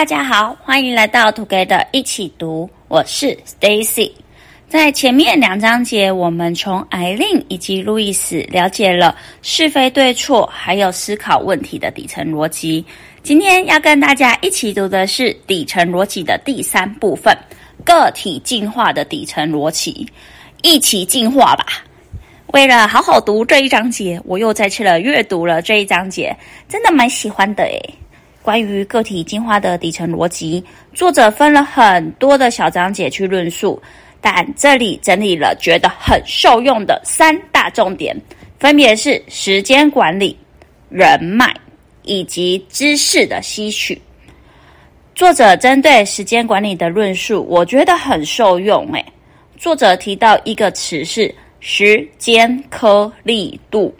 大家好，歡迎來到 Together 的一起讀。我是 Stacy。在前面兩章節，我們從艾琳以及路易斯了解了是非對錯，還有思考問題的底層邏輯。今天要跟大家一起讀的是底層邏輯的第三部分——個體進化的底層邏輯。一起進化吧！為了好好讀這一章節，我又再次了閱讀了這一章節，真的蠻喜歡的哎。關於個體進化的底層邏輯，作者分了很多的小章節去論述，但這裡整理了覺得很受用的三大重點，分別是時間管理、人脈以及知識的吸取。作者針對時間管理的論述，我覺得很受用。誒，作者提到一個詞是時間顆粒度。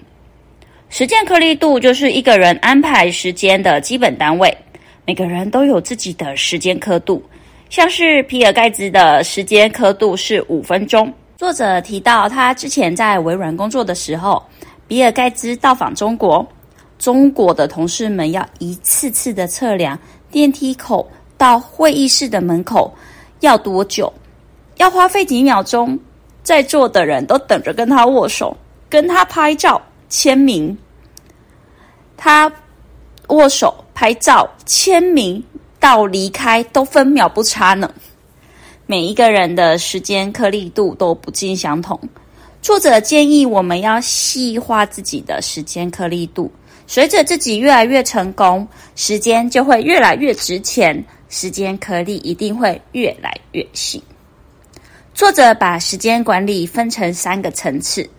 時間顆粒度就是一個人安排時間的基本單位。每個人都有自己的時間刻度，像是比爾蓋茨的時間刻度是五分鐘。作者提到，他之前在微軟工作的時候，比爾蓋茨到訪中國，中國的同事們要一次次的測量電梯口到會議室的門口要多久，要花費幾秒鐘，在座的人都等着跟他握手，跟他拍照。簽名，他握手、拍照、簽名到離開都分秒不差呢。每一個人的時間顆粒度都不盡相同。作者建議我們要細化自己的時間顆粒度。隨着自己越來越成功，時間就會越來越值錢，時間顆粒度一定會越來越細。作者把時間管理分成三個層次。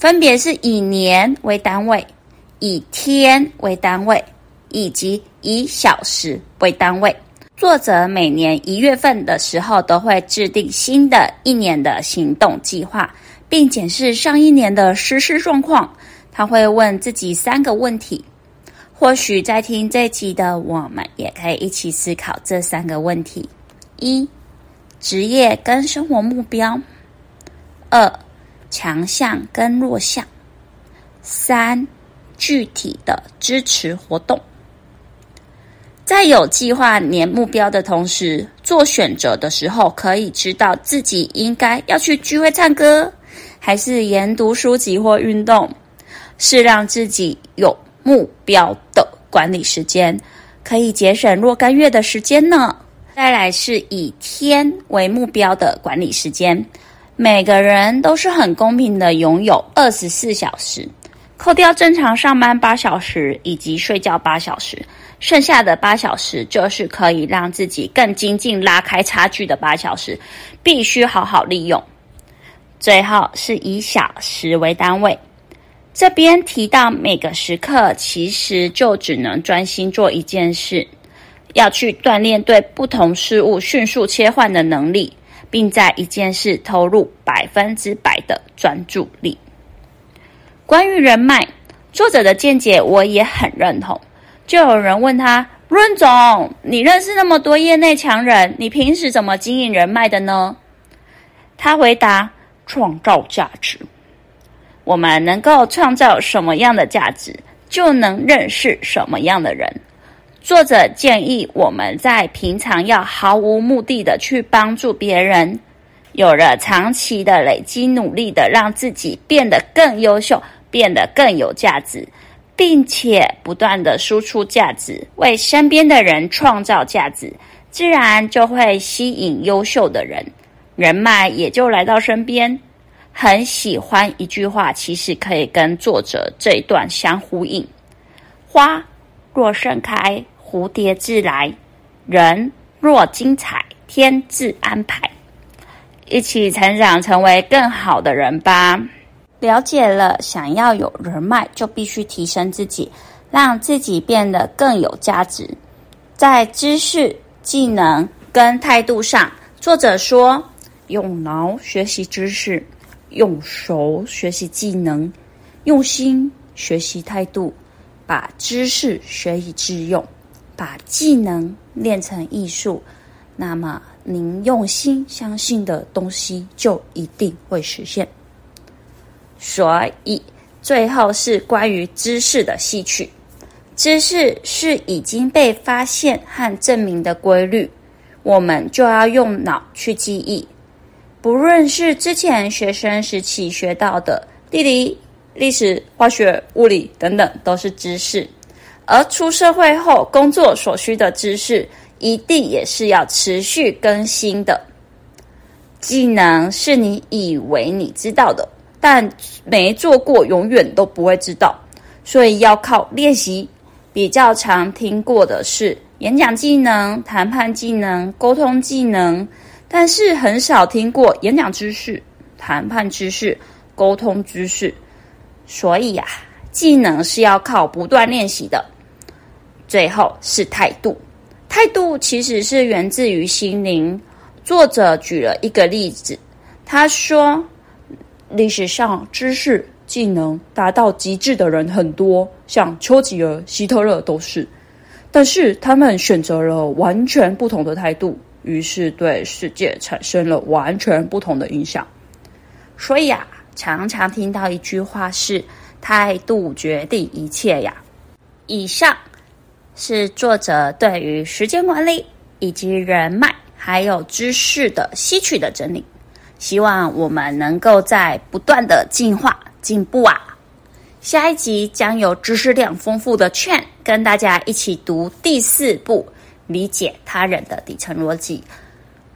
分別是以年為單位、以天為單位以及以小時為單位。作者每年一月份的時候都會制定新的一年的行動計劃，並檢視上一年的實施狀況。他會問自己三個問題，或許在聽這集的我們也可以一起思考這三個問題：一、職業跟生活目標；二、強項跟弱項，三，具體的支持活動，在有計劃年目標的同時，做選擇的時候，可以知道自己應該要去聚會唱歌，還是研讀書籍或運動，是讓自己有目標的管理時間，可以節省若干月的時間呢？再來是以天為目標的管理時間。每個人都是很公平的，擁有二十四小時，扣掉正常上班八小時以及睡覺八小時，剩下的八小時就是可以讓自己更精進、拉開差距的八小時，必須好好利用。最後是以小時為單位，這邊提到每個時刻其實就只能專心做一件事，要去鍛鍊對不同事物迅速切換的能力。並在一件事投入百分之百的專注力。關於人脈，作者的見解我也很認同。就有人問他：“潤總，你認識那麼多業內強人，你平時怎麼經營人脈的呢？”他回答：“創造價值。我們能夠創造什麼樣的價值，就能認識什麼樣的人。”作者建議我們在平常要毫無目的的去幫助別人，有了長期的累積努力的，讓自己變得更優秀，變得更有價值，並且不斷的輸出價值，為身邊的人創造價值，自然就會吸引優秀的人，人脈也就來到身邊。很喜歡一句話，其實可以跟作者這一段相呼應。花。若盛開，蝴蝶自來；人若精彩，天自安排。一起成長，成為更好的人吧。了解了，想要有人脈，就必須提升自己，讓自己變得更有價值。在知識、技能跟態度上，作者說：用腦學習知識，用手學習技能，用心學習態度。把知識學以致用，把技能練成藝術，那麼您用心相信的東西就一定會實現。所以，最後是關於知識的吸取。知識是已經被發現和證明的規律，我們就要用腦去記憶。不論是之前學生時期學到的地理、歷史、化學、物理等等都是知識，而出社會後工作所需的知識一定也是要持續更新的。技能是你以為你知道的，但沒做過，永遠都不會知道，所以要靠練習。比較常聽過的是演講技能、談判技能、溝通技能，但是很少聽過演講知識、談判知識、溝通知識。所以呀，技能是要靠不斷練習的，最後是態度。態度其實是源自於心靈。作者舉了一個例子，他說，歷史上知識、技能達到極致的人很多，像丘吉爾、希特勒都是，但是他們選擇了完全不同的態度，於是對世界產生了完全不同的影響。所以啊。常常聽到一句話是“態度決定一切”呀。以上是作者對於時間管理以及人脈還有知識的吸取的整理，希望我們能夠在不斷的進化進步啊。下一集將由知識量豐富的 Chen，跟大家一起讀第四部，理解他人的底層邏輯。